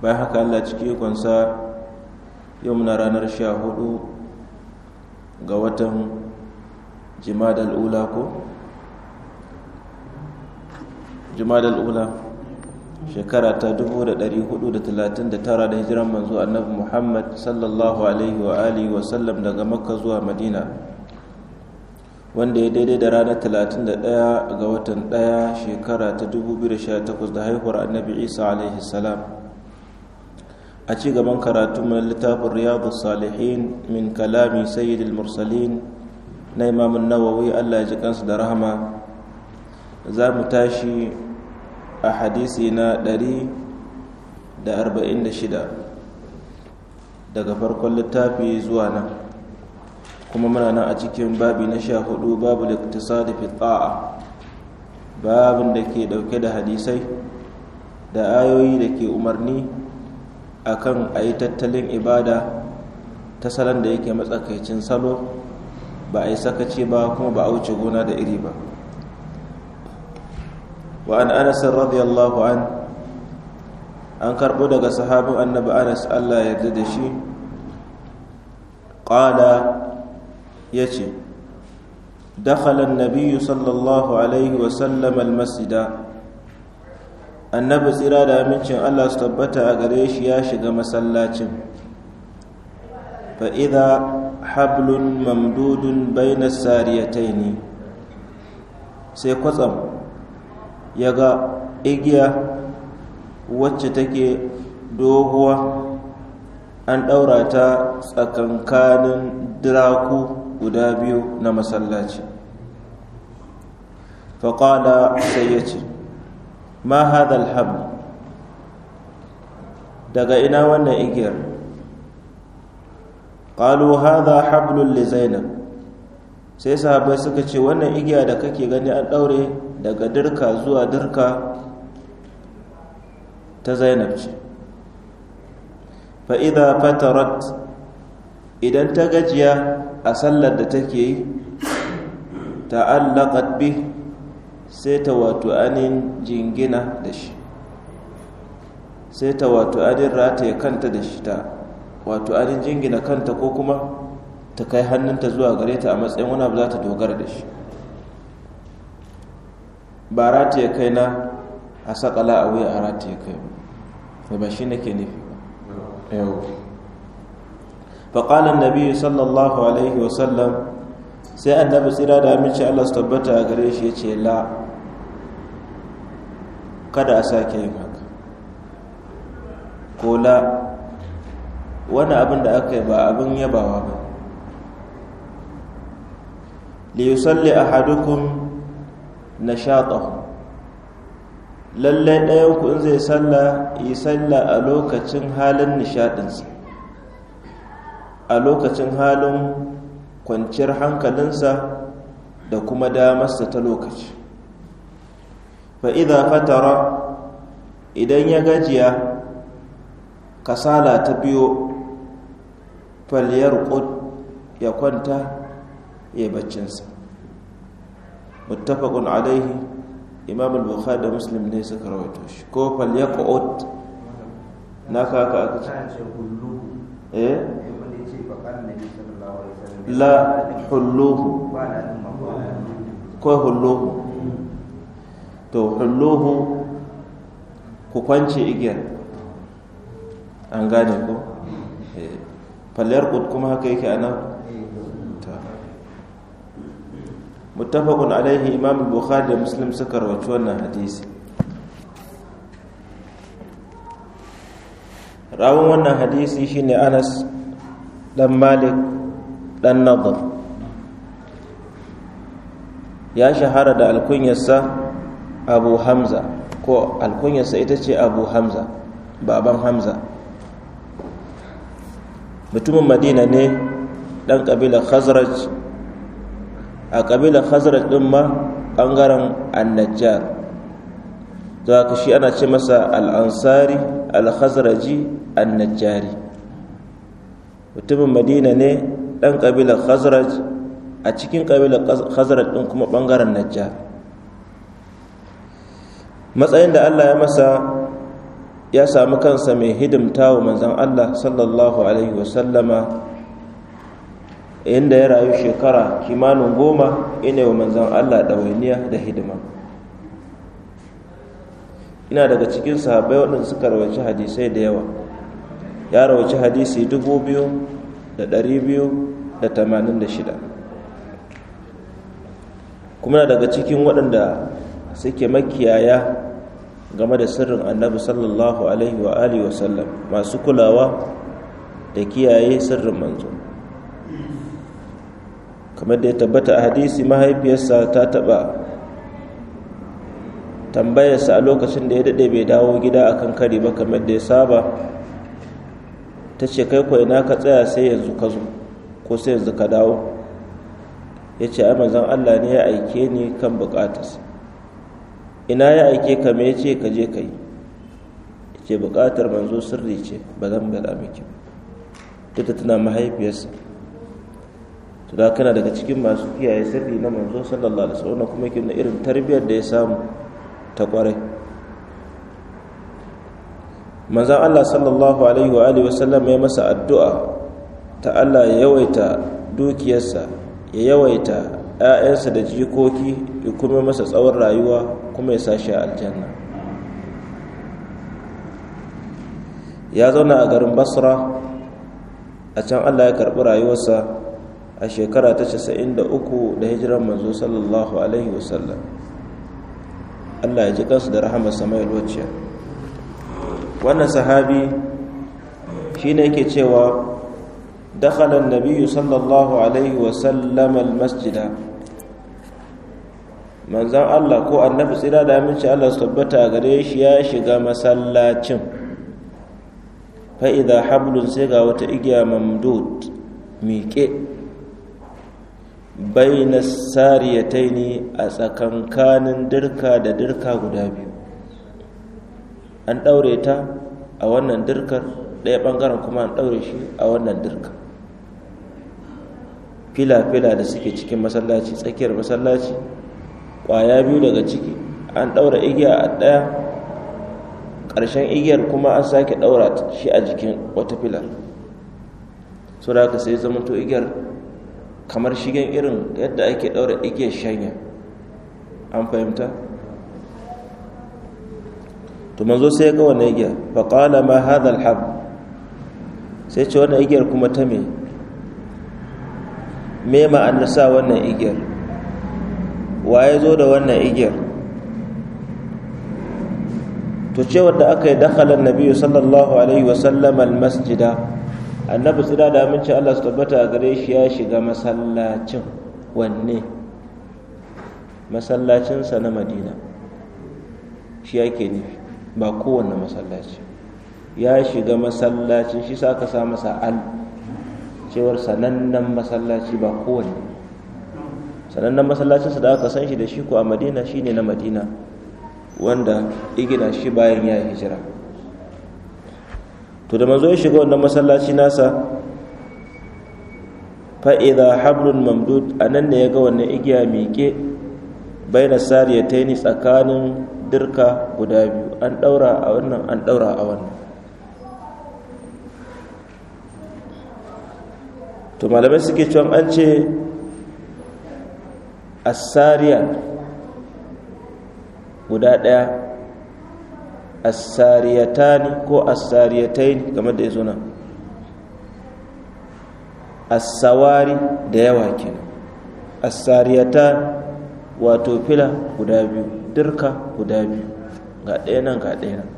bayan haka Allah cike ikonsa yau muna ranar sha hudu ga watan jimadal ula ko jimadal ula shekara ta 439 da hijiran manzo annabi muhammad sallallahu alaihi wa alihi wa sallam daga makka zuwa madina wanda ya daidai da ranar 31 ga watan 1 shekara ta 2018 da haihuwar annabi isa alaihi salam a ci gaban karatu mai littafin riyadu salihin min kalami sayyidil mursalin na imamun nawawi allah ji kansu da rahama za mu tashi a hadisi na 146 daga farkon littafi zuwa nan kuma muna nan a cikin babi na sha hudu babu liktisadi fi ta'a babin da ke dauke da hadisai da ayoyi da ke umarni akan a yi tattalin ibada ta salon da yake matsakaicin salo ba a yi sakaci ba kuma ba a wuce gona da iri ba wa an anas radiyallahu an an karbo daga sahabin annabi anas Allah ya yarda da shi qala yace dakhala an sallallahu alaihi wa sallam al-masjida annabi tsira da amincin allah su tabbata a gare shi ya shiga masallacin Fa'ida, hablun mamdudun baina sariyatai ne sai kwatsam ya ga igiya wacce take doguwa an ɗaura ta tsakankanin diraku guda biyu na masallaci faƙada sai ya ce ma hadal daga ina wannan igiyar qalu hada hablun li zainab sai Sahabai suka ce wannan igiya da kake gani an daure daga dirka zuwa dirka ta zainab ce fa fatarat idan ta gajiya a sallar da take yi ta'allaqat bih sai ta wato anin jingina da shi sai ta wato anin rataye kanta da shi ta wato anin jingina kanta ko kuma ta kai hannunta zuwa gare ta a matsayin wani abu za ta dogara da shi ba rataye kai na a sakala a wuya a rataye kai ba ba shi nake nufi ba yau faƙalan nabi sallallahu alaihi wasallam sai annabi tsira da amince allah su tabbata a gare shi ya ce la kada a sake yin haka kola wani abin da aka yi ba abin yabawa ba liyusalli ahadukum nashatahu lallai ɗayanku in zai salla yi salla a lokacin halin nishaɗinsa a lokacin halin kwanciyar hankalinsa da kuma damarsa ta lokaci fa'iza fatara idan ya gajiya kasala ta biyo faliyar ƙud ya kwanta ya baccinsa muttafaqun alaihi imam al da muslim ne suka rawaito to hulluhu ku kwance igiyar an gane ko eh, fallar kud kuma haka yake a nan muttafaqun alaihi imam bukhari da muslim suka rawaci wannan hadisi rawun wannan hadisi shine anas dan malik dan nadar ya shahara da alkunyarsa abu hamza ko alkunyarsa ita ce abu hamza baban hamza mutumin madina ne ɗan ƙabilar khazraj a ƙabilar khazraj ɗin ma ɓangaren annajjar za ka shi ana ce masa al'ansari al-khazraji annajjari mutumin madina ne ɗan ƙabilar khazraj a cikin ƙabilar khazraj ɗin kuma ɓangaren najjar matsayin da Allah ya masa ya samu kansa mai hidimta wa manzan Allah sallallahu alaihi wasallama inda ya rayu shekara kimanin goma ina wa manzan Allah ɗawainiya da hidima ina daga cikin sahabbai waɗanda suka rawaci hadisai da yawa ya rawaci hadisi dubu biyu da ɗari biyu da tamanin da shida kuma daga cikin waɗanda suke makiyaya game da sirrin annabi sallallahu alaihi wa alihi wasallam masu kulawa da kiyaye sirrin manzo kamar da ya tabbata a hadisi mahaifiyarsa ta taɓa tambayarsa a lokacin da ya dade bai dawo gida akan kari ba kamar da ya saba ta ce kai kwai na ka tsaya sai yanzu ka zo ko sai yanzu ka dawo ya ce ai manzon Allah ne ya aike ni kan bukatarsa ina ya aike ka me ce ka je ka yi ke bukatar manzo sirri ce ba zan da miki ba ita tana mahaifiyarsa to da kana daga cikin masu kiyaye sirri na manzo sallallahu alaihi wasallam kuma yake na irin tarbiyyar da ya samu ta kwarai manzan Allah sallallahu alaihi wa alihi wasallam ya masa addu'a ta Allah ya yawaita dukiyarsa ya yawaita ‘ya'yansa da jikoki ya kuma masa tsawon rayuwa kuma ya sashi a aljanna ya zauna a garin basra a can allah ya karɓi rayuwarsa a shekara ta 93 da hijiran manzo sallallahu alaihi wasallam allah ya ji kansu da rahamar samayar wacce wannan sahabi shi ne yake cewa دخل النبي Sallallahu alaihi عليه وسلم masjida". manzan Allah ko annabi tsira da aminci Allah su tabbata gare shi ya shiga masallacin Fa'ida, hablun sai ga wata igiya mamdud miƙe baina ne a tsakankanin dirka da dirka guda biyu an ɗaure ta a wannan dirkar ɗaya ɓangaren kuma an ɗaure shi a wannan dirka fila-fila da suke cikin masallaci tsakiyar masallaci ƙwaya biyu daga ciki an ɗaura igiya a ɗaya ƙarshen igiyar kuma an sake ɗaura shi a jikin wata filar so da haka sai zamanto igiyar kamar shigen irin yadda ake ɗaura igiyar shanya an fahimta to manzo sai ya ga wannan igiyar faƙala ma hadha alhab sai ce wannan igiyar kuma ta me me ma'anar sa wannan igiyar wa ya zo da wannan igiyar to cewar da aka yi dakhalar nabi sallallahu alaihi wasallam almasjida annabi tsira da amince Allah su tabbata a gare shi ya shiga masallacin wanne masallacinsa na madina shi yake nufi ba kowanne masallaci ya shiga masallacin shi sa aka sa masa al cewar sanannen masallaci ba kowanne sanannen masallacinsa da aka san shi da shi ko a madina ne na madina wanda igina shi bayan ya hijira to da mazo ya shiga wannan masallaci nasa fa'iza hablun mamdud a nan ne ya ga wannan igiya miƙe bai na sariya ta yi tsakanin dirka guda biyu an ɗaura a wannan an ɗaura a wannan to malamai suke cewa an ce asariyat guda ɗaya ne ko ne game da ya zo nan asawari da yawa kenan asariyata wato fila guda biyu dirka guda biyu ga ɗaya nan ga ɗaya nan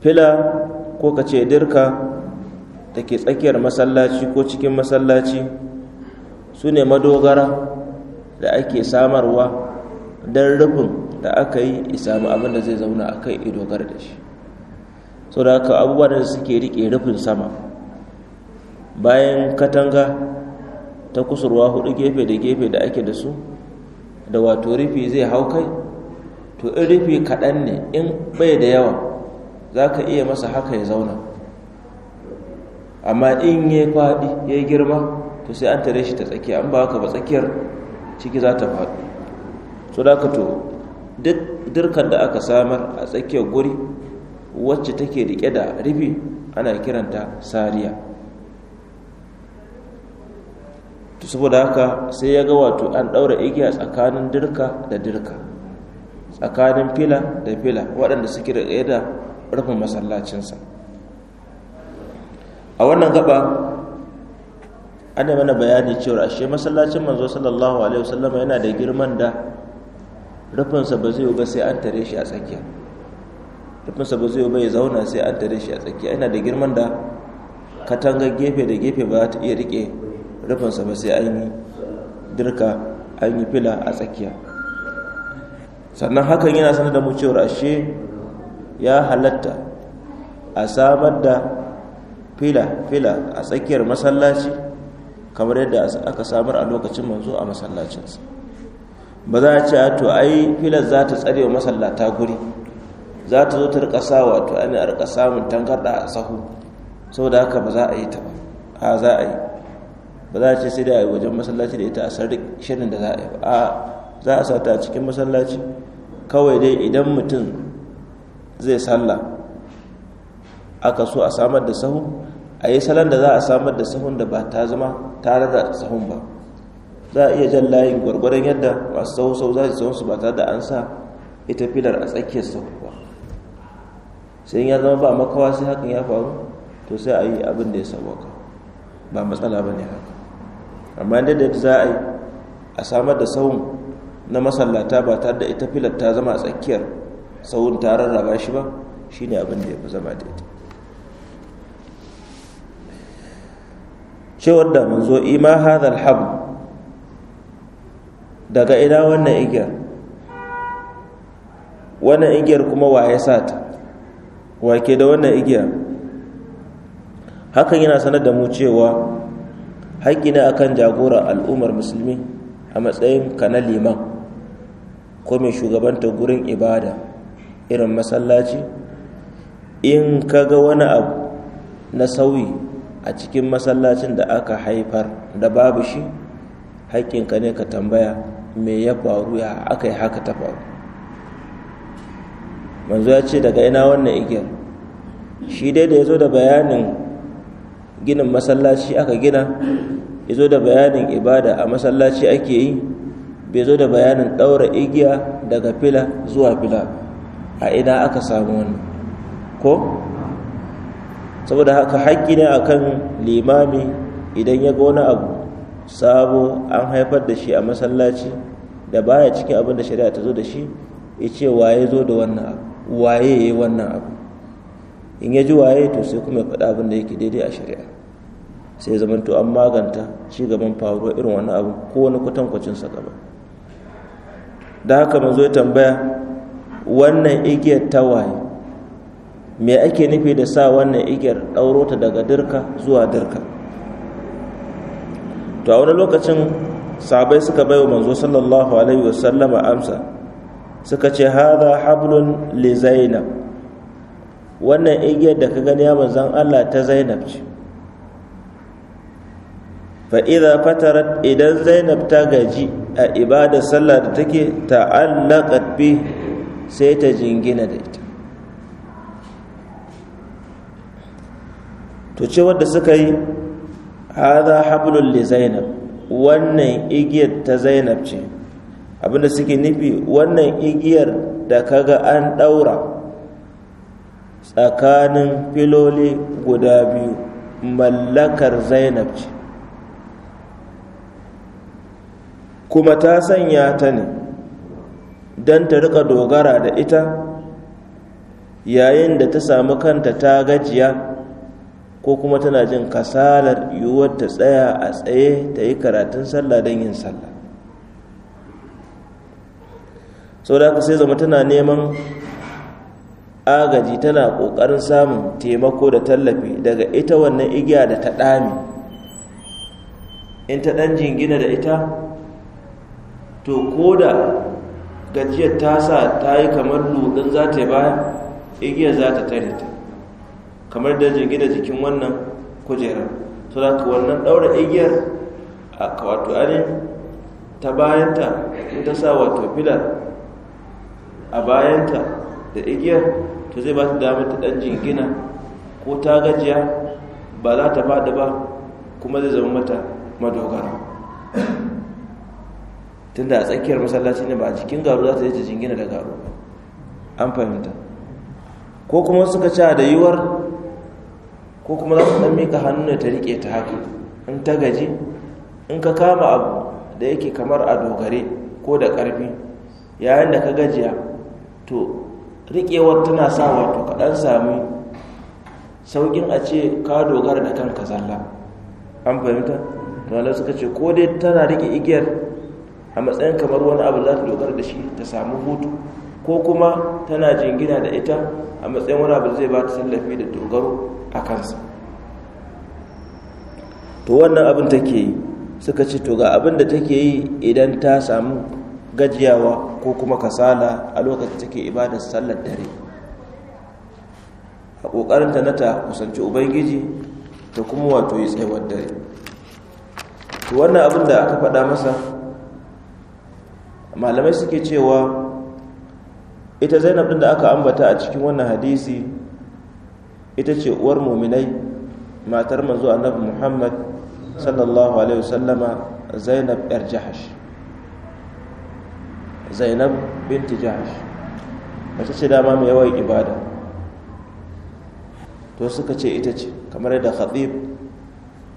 fila ko ka ce dirka da ke tsakiyar masallaci ko cikin masallaci su ne madogara da ake samarwa don rufin da aka yi isamu abin da zai zauna a kai dogara da shi sau da aka abubuwa da suke rike rufin sama bayan katanga ta kusurwa hudu gefe da gefe da ake da su da wato rufi zai hau kai to in rufi kaɗan ne in bai da yawa za ka iya masa haka ya zauna amma in ya faɗi ya girma to sai an tare shi ta tsakiya an ba haka ba tsakiyar ciki za ta faɗi so da to duk dirkan da aka samar a tsakiyar guri wacce take rike da ribi ana kiranta sariya to saboda haka sai ya ga wato an ɗaura igiya tsakanin dirka da dirka tsakanin fila da fila waɗanda suke da rufin masallacinsa a wannan gaba ana mana bayani cewa ashe masallacin manzo sallallahu alaihi wasallam yana da girman da rufinsa ba zai ba sai an tare shi a tsakiya rufinsa ba zai ba ya zauna sai an tare shi a tsakiya yana da girman da katangar gefe da gefe ba za ta iya rike rufinsa ba sai an yi dirka an yi fila a tsakiya sannan hakan yana sanar da mu cewa ashe ya halatta a samar da fila fila a tsakiyar masallaci kamar yadda aka samar a lokacin manzo a masallacinsa ba za a ce to ai filar za ta tsare wa masallata guri za ta zo ta rika sa wato ana a samun tangarda a sahu saboda haka ba za a yi ta ba a za a yi ba za a ce sai da a yi wajen masallaci da ita a sarri shirin da za a yi ba a za a sa ta a cikin masallaci kawai dai idan mutum zai sallah aka so a samar da sahu a yi salon da za a samar da sahun da ba ta zama tare da sahun ba za a iya jan layin gwargwaron yadda masu sahun sau za su sahun su ba tare da an sa ita filar a tsakiyar sahun ba sai ya zama ba makawa sai hakan ya faru to sai a yi abin da ya sauwaka ba matsala ba ne haka amma yadda da za a yi a samar da sahun na masallata ba tare da ita filar ta zama a tsakiyar sahun da ba shi ba shine abin da ya fi zama daidai cewar da mun zo ima hadhal habl daga ina wannan igiyar wannan igiyar kuma waye Wa wake da wannan igiyar hakan yana sanar da mu cewa haƙƙi ne akan jagora al'ummar musulmi a matsayin ka na liman ko mai shugabanta gurin ibada irin masallaci in ka ga wani abu na sauyi a cikin masallacin da aka haifar da babu shi haƙƙinka ne ka tambaya me ya faru ya aka yi haka ta faru manzu ya ce daga ina wannan igiyar shi dai da ya zo da bayanin ginin masallaci aka gina ya zo da bayanin ibada a masallaci ake yi bai zo da bayanin ɗaura igiya daga fila zuwa fila a ina aka samu wannan ko saboda haka haƙƙi ne akan limami idan ya ga wani abu sabo an haifar da shi a masallaci da baya cikin abin da shari'a ta zo da shi ya ce waye zo da wannan abu waye ya yi wannan abu in ya ji waye to sai kuma ya faɗa abin da yake daidai a shari'a sai zama to an maganta ci gaban faruwa irin wannan abu ko wani kwatankwacin sa gaba da haka mazo ya tambaya wannan igiyar ta waye? me ake nufi da sa wannan igiyar ɗauro ta daga dirka zuwa dirka to a wani lokacin sabai suka bai wa manzo sallallahu alaihi wasallama amsa suka ce haza hablun li zainab wannan igiyar da ka gani ya manzan allah ta zainab ce idza fatarat idan zainab ta gaji a ibada sallah da take ta'allaqat bi sai ta jingina da ita to ce wadda suka yi haza hablul li zainab wannan igiyar ta zainab ce abinda suke nufi wannan igiyar da kaga an daura tsakanin filoli guda biyu mallakar zainab ce kuma ta sanya ta ne don ta rika dogara da ita yayin da ta samu kanta ta gajiya ko kuma tana jin kasalar yiwuwar ta tsaya a tsaye ta yi karatun sallah don yin sallah sau da sai zama tana neman agaji tana ƙoƙarin samun taimako da tallafi daga ita wannan igiya da ta ɗame in ta ɗan jingina da ita to ko da gajiyar ta sa ta yi kamar ludin za ta yi baya igiyar za ta tare ta kamar da jingina jikin wannan kujera, su da ka wannan ɗaura igiyar a kawato anin ta bayanta ta sa wato fila a bayanta da igiyar ta zai ba ta damar ta ɗan jingina ko ta gajiya ba za ta faɗi ba kuma zai zama mata madogara tunda a tsakiyar masallaci ne ba a cikin garu za ta yi ta jingina da garu an fahimta ko kuma suka ca da yiwuwar ko kuma za su dan mika hannu ta rike ta haka in ta gaji in ka kama abu da yake kamar a dogare ko da ƙarfi yayin da ka gajiya to riƙewar tana sa wato ka sami sauƙin a ce ka dogara da kanka zalla an fahimta to Allah suka ce ko dai tana riƙe igiyar a matsayin kamar wani abu za ta dogara da shi ta samu hutu ko kuma tana jingina da ita a matsayin wani abu zai ba ta tallafi da dogaro a kansa to wannan abin take yi suka ce to ga abin da take yi idan ta samu gajiyawa ko kuma kasala a lokacin take ibadar sallar dare a ƙoƙarinta na ta kusanci ubangiji ta kuma wato yi tsayawar dare to wannan abin da aka faɗa masa malamai suke cewa ita zainab ɗin da aka ambata a cikin wannan hadisi ita ce uwar muminai matar manzo annabi muhammad sallallahu alaihi wasallama zainab yar jahash zainab binti jahash mace ce dama mai yawan ibada to suka ce ita ce kamar yadda khatib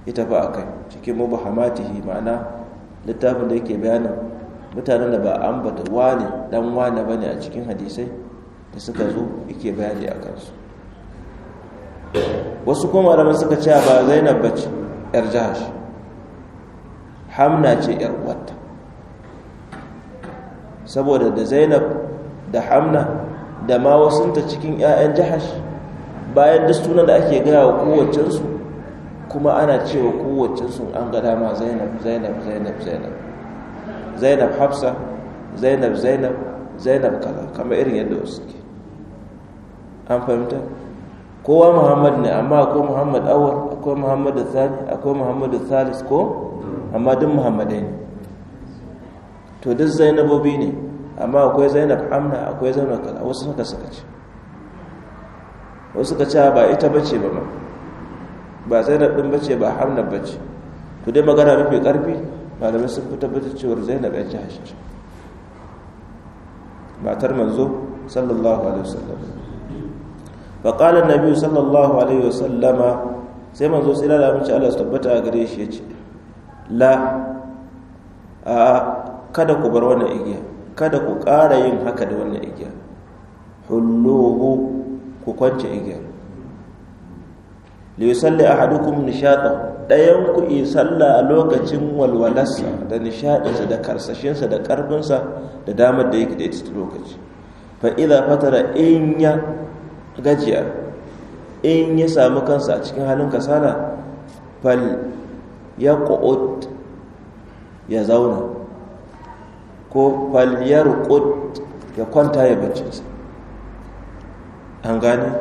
ita ba a kai cikin hamatihi ma'ana littafin da yake bayanin mutanen da ba an ambata wane dan wane ne a cikin hadisai da suka zo yake bayani a kansu wasu kuma malaman suka ce ba zainab ce yar jahash hamna ce yar uwarta saboda da zainab da hamna da ma wasunta cikin 'ya'yan jahash bayan duk suna da ake gaya wa kowacensu kuma ana cewa kowacensu an ga dama zainab zainab zainab zainab zainab hafsa zainab zainab zainab kaza kamar irin yadda wasu ke an fahimta kowa muhammad ne amma akwai muhammad awal akwai muhammad sani akwai muhammad salis ko amma duk muhammadai ne to duk zainabobi ne amma akwai zainab Amna, akwai zainab Kala, wasu suka suka ce wasu suka ce ba ita bace ba ma ba zainab din bace ba hamna bace to dai magana mafi karfi malamai sun fi tabbatar cewar zainab ya ce hashe matar manzo sallallahu alaihi wasallam faƙalar nabi sallallahu alaihi wasallama sai manzo sai da mace Allah su tabbata a gare shi ya ce la a kada ku bar wannan igiya kada ku ƙara yin haka da wannan igiya hulluhu ku kwance igiyar a yusalli ahadukum nishaɗa ɗayan ku yi sallah a lokacin walwalarsa da nishaɗinsa da karsashinsa da ƙarfinsa da damar da yake da ita lokaci fa idza fatara in ya gajiya in ya samu kansa a cikin halin kasala fal ya ƙo'ot ya zauna ko fal ya ruƙot ya kwanta ya baccinsa an gane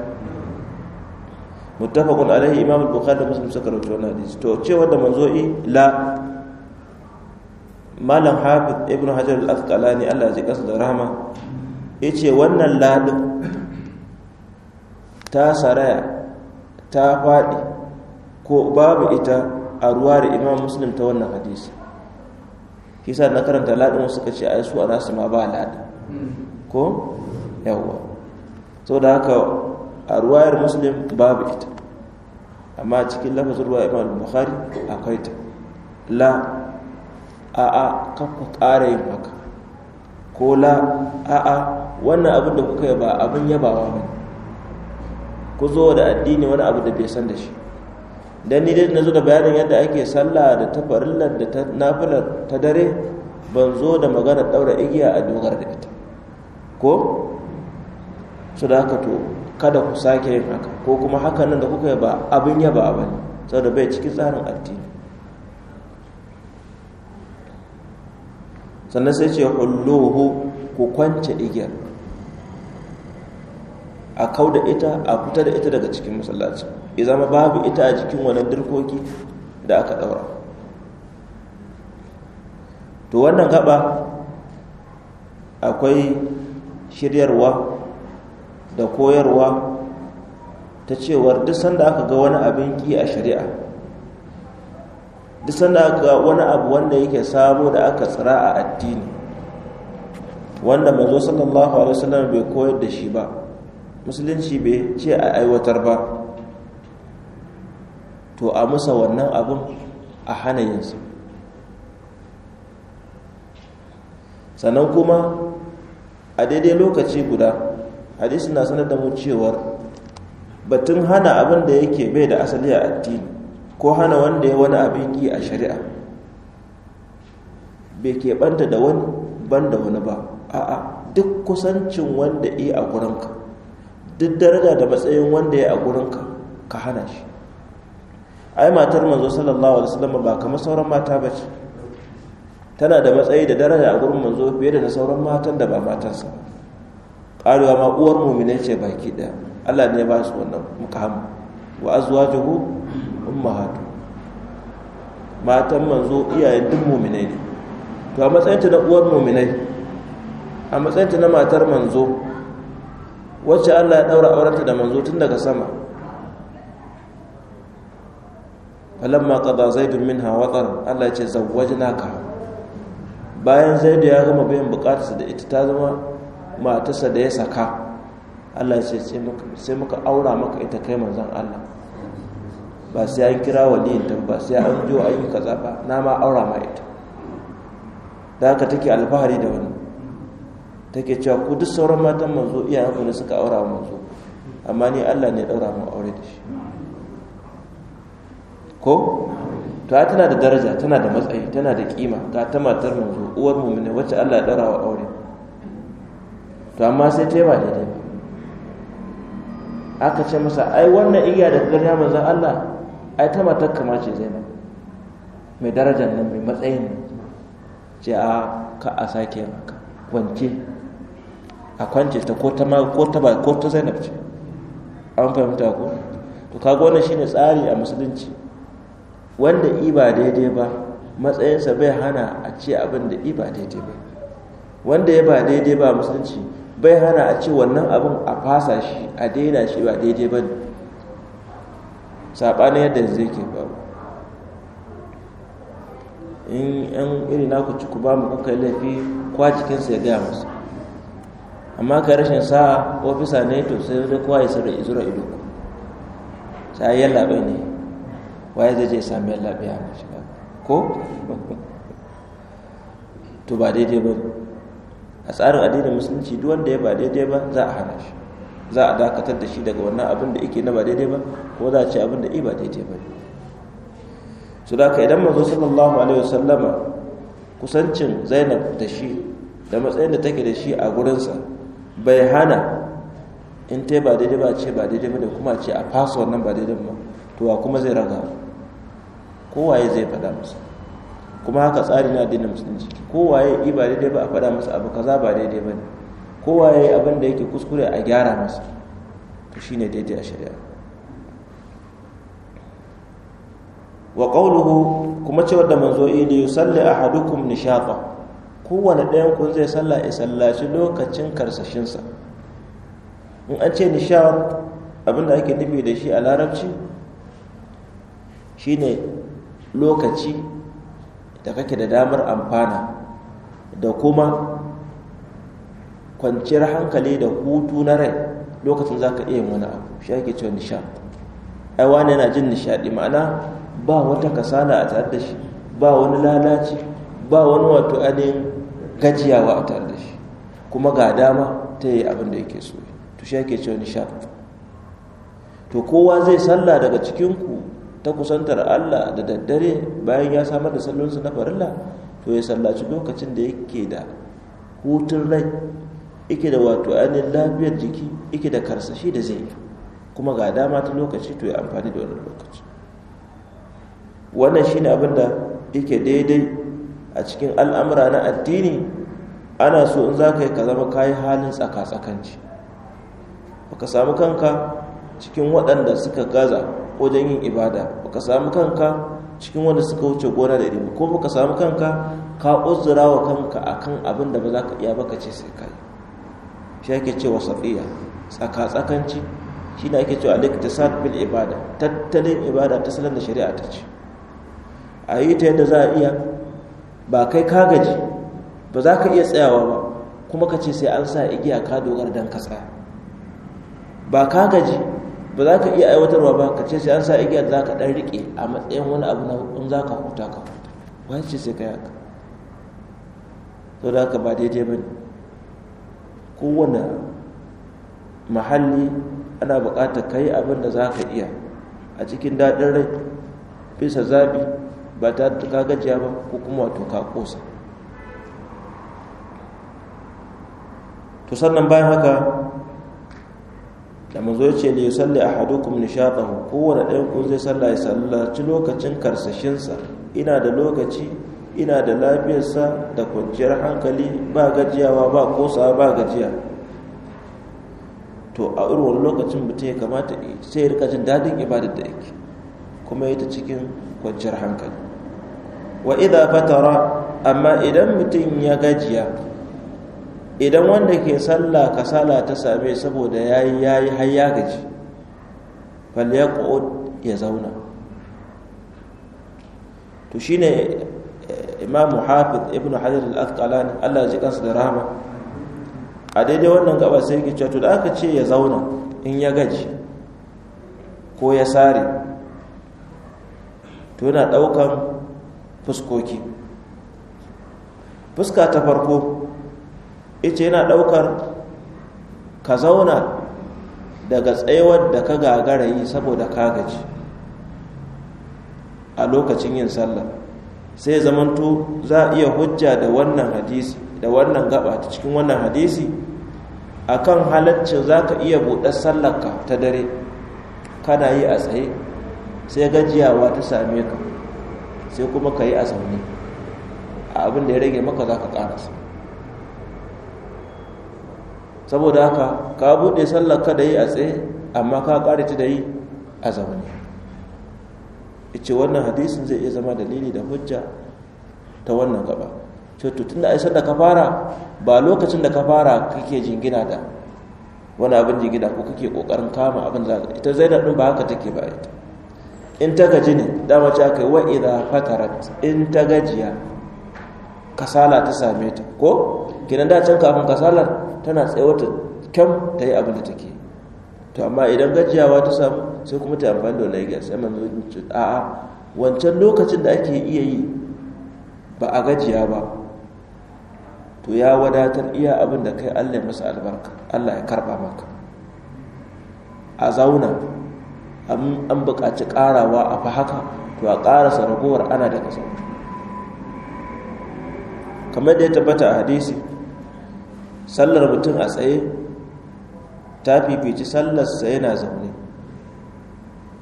muttafaqun alaihi imam al-bukhari da musulun suka rawaito wani hadisi to ce wadda manzo'i la malam hafiz ibn hajar al-asqalani Allah ya ji kasa da rahama ce wannan ladin ta saraya ta faɗi ko babu ita a ruwa da imam muslim ta wannan hadisi sa na karanta laɗin wasu suka ce a su a rasu ma ba ladin ko yawwa so da haka a ruwayar muslim babu ita amma cikin lafazin ruwa imam bukhari akwai ta la a'a a kafa ƙara yin haka ko la a'a wannan abin da kuka yi ba abin yabawa ba ku zo da addini wani abu da bai san da shi dan ni dai na zo da bayanin yadda ake sallah da ta da ta nafilar ta dare ban zo da magana daura igiya a dogara da ita ko su da haka to kada ku sake yin haka ko kuma hakan nan da kuka yi ba abin yaba a bane saboda bai cikin tsarin addini sannan sai ce hulluhu ku kwance igiyar a kau da ita a fita da ita daga cikin masallaci ya zama babu ita a jikin wannan dirkoki da aka daura to wannan gaba akwai shiryarwa da koyarwa ta cewar duk sanda aka ga wani abin ki a shari'a duk sanda aka ga wani abu wanda yake samu da aka tsira a addini wanda zo sallallahu alaihi wasallam bai koyar da shi ba musulunci bai ce a aiwatar ba to a musa wannan abin a hana sannan kuma a daidai lokaci guda hadisi na sanar da mu cewar batun hana abin da yake bai da asali a addini ko hana wanda ya wani abin yi a shari'a bai keɓanta da wani ban da wani ba a'a duk kusancin wanda iya a gurinka duk daraja da matsayin wanda ya a gurinka ka hana shi ai matar manzo sallallahu alaihi wasallam ba kamar sauran mata ba ce tana da matsayi da daraja a gurin manzo fiye da sauran matan da ba matansa ƙarewa ma uwar muminai ce baki ɗaya allah ne ba su wannan mukamu wa azwajuhu ummahatu matan manzo iyayen duk muminai ne to a matsayinta na uwar muminai a matsayinta na matar manzo wacce Allah ya daura aurenta da manzo tun daga sama falamma qada zaidun minha watar Allah ya ce zawwajnaka bayan zaid ya gama bayan bukatarsa da ita ta zama matarsa da ya saka Allah ya ce sai muka aura maka ita kai manzon Allah ba sai an kira waliyin ta ba sai an jo ayyuka zaba kaza ba na ma aura ma ita da haka take alfahari da wannan take cewa ku duk sauran matan manzo iyayen ku ne suka aura wa manzo amma ni Allah ne daura mu aure da shi ko to ai tana da daraja tana da matsayi tana da kima ga ta matar manzo uwar mu ne wacce Allah ya daura wa aure to amma sai ta yi ba daidai aka ce masa ai wannan iya da gariya manzo Allah ai ta matar kama ce zai mai darajar nan mai matsayin ce a ka a sake maka wanke a kwance ta ko ta ko ta ba ko ta zainab ce an fahimta ko to kaga wannan shine tsari a musulunci wanda i ba daidai ba matsayinsa bai hana a ce abin da i ba daidai ba wanda ya ba daidai ba musulunci bai hana a ce wannan abin a fasa shi a daina shi ba daidai ba ne saɓanin yadda zai ke ba in yan iri naku ci ku ba mu kuka laifi kwa jikinsa ya gaya musu. amma ka rashin sa ofisa ne to sai da kowa ya sura izura ido sai ya labai ne waye zai je sami yan labai ya shiga ko to ba daidai ba a tsarin addinin musulunci duk wanda ya ba daidai ba za a hana shi za a dakatar da shi daga wannan abin da yake na ba daidai ba ko za a ce abin da ba daidai ba su da idan mazo sallallahu alaihi wasallama kusancin zainab da shi da matsayin da take da shi a gurinsa bai hana in ta ba daidai ba ce ba daidai ba da kuma ce a fasuwar wannan ba daidai ba to wa kuma zai raga kowaye zai faɗa masa kuma haka tsari na dina musulunci kowaye yi ba daidai ba a faɗa masa abu kaza ba daidai ba ne kowaye abin da yake kuskure a gyara masa to shi ne daidai a shari'a wa ƙauluhu kuma cewar da manzo ili yusalli ahadukum nishata kowane ɗayan kun zai sallah ya sallaci lokacin karsashinsa in an ce nishawar abinda ake nufi da shi a larabci shine lokaci da kake da damar amfana da kuma kwanciyar hankali da hutu na rai lokacin za ka iya yin wani abu shi ake cewa nishad ai wani yana jin nishaɗi, ma'ana ba wata kasala a tare da shi ba wani lalaci ba wani wato ainihin gajiyawa a tare da shi kuma ga dama ta yi abin da yake so to shi yake cewa nisha to kowa zai sallah daga cikinku ta kusantar Allah da daddare bayan ya samar da sallonsa na farilla to ya sallaci lokacin da yake da hutun rai yake da wato ainihin lafiyar jiki yake da karsashi da zai yi kuma ga dama ta lokaci to ya amfani da wannan lokaci wannan shine abin da yake daidai a cikin al'amura na addini ana so in za ka yi ka zama kayi halin tsaka-tsakanci baka samu kanka cikin waɗanda suka gaza wajen yin ibada baka samu kanka cikin wanda suka wuce gona da ilimi ko baka samu kanka ka uzura wa kanka akan abin da ba za ka iya baka ce sai kai shi ake cewa safiya tsaka-tsakanci shi ne ake cewa al-iktisad bil ibada tattalin ibada ta salon da shari'a ta ce a yi ta yadda za a iya ba kai ka gaji ba za ka iya tsayawa ba kuma ka ce sai an sa igiya ka dogara don ka tsaya ba ka gaji ba za ka iya aiwatarwa ba ka ce sai an sa igiya za ka ɗan rike a matsayin wani abu na in za ka huta ka huta wani ce sai ka yaka sau da haka ba daidai ba ne kowane mahalli ana buƙatar ka yi abin da za ka iya a cikin daɗin rai bisa zaɓi ba ta ka gajiya ba ko kuma wato ka kosa to sannan bayan haka da manzo yace li yusalli ahadukum nishatahu kowane ɗayan kun zai salla ya sallaci lokacin sa ina da lokaci ina da lafiyarsa da kwanciyar hankali ba gajiyawa ba kosa ba gajiya to a irin wani lokacin mutum ya kamata sai ya rika jin daɗin ibadar da yake kuma ya ta cikin kwanciyar hankali wa idha fatara amma idan mutum ya gajiya idan wanda ke sallah kasala ta same saboda yayi yayi har ya gaji yaqud ya zauna to shine eh, imam hafiz ibnu hajar al-asqalani Allah ya ji kansa da rahama a daidai wannan gaba sai yake cewa to da aka ce ya zauna in ya gaji ko ya sare to yana daukan fuskoki fuska ta farko ita yana ɗaukar ka zauna daga tsayawar da ka gagara yi saboda ka gaji a lokacin yin sallah sai zamanto za a iya hujja da wannan hadisi da wannan gaba ta cikin wannan hadisi akan halaccin za ka iya buɗe sallarka ta dare kana yi a tsaye sai gajiyawa ta same ka sai kuma ka yi a zaune a abin da ya rage maka za ka karasa saboda haka ka buɗe sallar ka da yi a tsaye amma ka ƙarita da yi a zaune ice wannan hadisin zai iya zama dalili da hujja ta wannan gaba cewa tun da aisar da ka fara ba lokacin da ka fara kake jingina da wani abin jingina ko kake ƙoƙarin kama abin za ita zainab ɗin ba haka take ba ita in ta gaji ne dama ce aka yi wa idha fatarat in ta gajiya kasala ta same ta ko kinan da can kafin kasala tana wata kyan ta yi abin da take to amma idan gajiyawa ta samu sai kuma ta amfani da wannan sai manzo a'a wancan lokacin da ake iya yi ba a gajiya ba to ya wadatar iya abin da kai Allah ya masa albarka Allah karba maka a zauna an buƙaci ƙarawa a fa haka to a ƙarasa ragowar ana da kasa kamar da ya tabbata a hadisi sallar mutum a tsaye ta fifici sallarsa yana zaune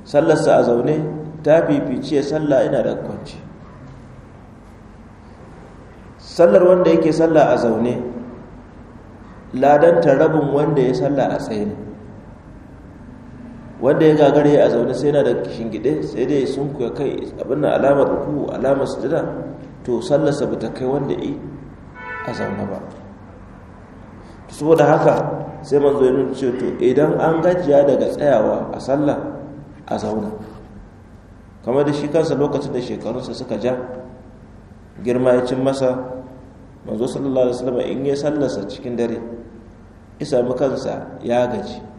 sallarsa a zaune ta fifici ya salla yana da kwanci sallar wanda yake salla a zaune ladanta rabin wanda ya salla a tsaye ne wanda ya gagare a zaune sai yana da shingide sai dai sun kuya kai abin alamar ruku alamar sujada to sallarsa ba ta kai wanda yi a zaune ba saboda haka sai manzo ya nuna cewa to idan an gajiya daga tsayawa a sallah a zauna kamar da shi kansa lokacin da shekarunsa suka ja girma ya cin masa manzo sallallahu alaihi wasallam in ya sallarsa cikin dare ya sami kansa ya gaji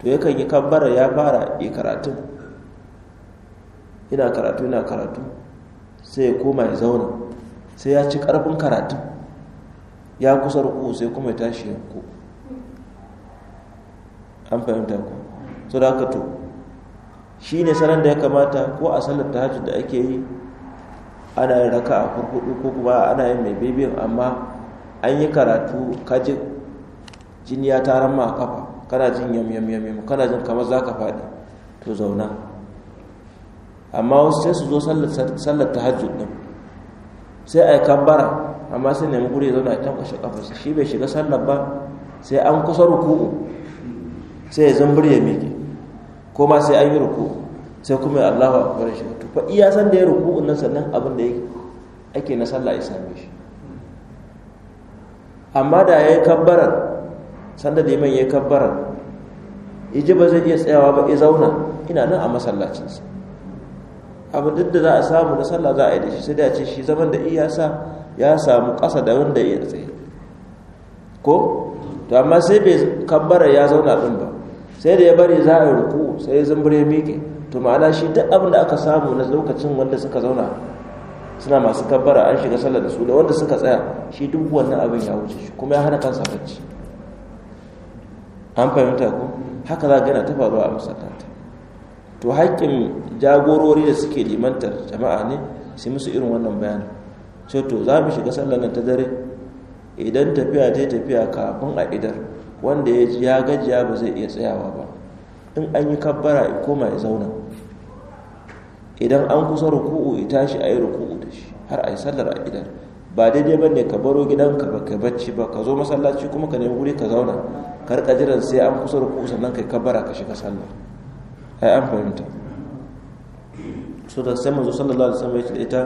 to yakan yi kambara ya fara yi karatun ina karatu ina karatu sai ya koma ya zauna sai ya ci karfin karatun ya kusa ruku sai kuma ya tashi ku an fahimta ku so da to shi ne sanar da ya kamata ko a sallar tahajjud da ake yi ana yin raka a kurkudu ko kuma ana yin mai bibiyan amma an yi karatu kajin jini ya taron ma a kafa kana jin yam yam yam yam kana jin kamar zaka faɗi to zauna amma wasu sai su zo sallar tahajjud din sai yi kambara, amma sai nemi guri ya zauna a tankwashe kafarsa shi bai shiga sallar ba sai an kusa ruku'u sai ya zambar ya miƙe ko ma sai an yi ruku, sai kuma Allahu akbar shi to fa iya san da ya ruku'un nan sannan abin da ake na sallah ya same shi amma da yayi kabbarar sanda iman ya kabbara iji ba zai iya tsayawa ba ya zauna ina nan a masallacinsa abu duk da za a samu na sallah za a yi da shi sai da ce shi zaman da iya sa ya samu ƙasa da wanda ya tsaye ko to amma sai bai kabbara ya zauna din ba sai da ya bari za a yi ruku sai ya zumbure miƙe to ma'ana shi duk abin da aka samu na lokacin wanda suka zauna suna masu kabbara an shiga sallah da su da wanda suka tsaya shi duk wannan abin ya wuce shi kuma ya hana kansa bacci an fahimta ko haka za gana ta faruwa a masallata to haƙƙin jagorori da suke limantar jama'a ne sai musu irin wannan bayani sai to za mu shiga sallar nan ta dare idan tafiya ta tafiya kafin a idar wanda ya ji ya gajiya ba zai iya tsayawa ba in an yi kabbara ya koma ya zauna idan an kusa ruku'u ya tashi a yi ruku'u da shi har a yi sallar a idar ba daidai ba ne ka baro gidanka ba ka bacci ba ka zo masallaci kuma ka nemi wuri ka zauna ka jiran sai an kusa ruku sannan kai kabara ka shiga sallah ai an fahimta so da sai manzo sallallahu alaihi wasallam ya ce ita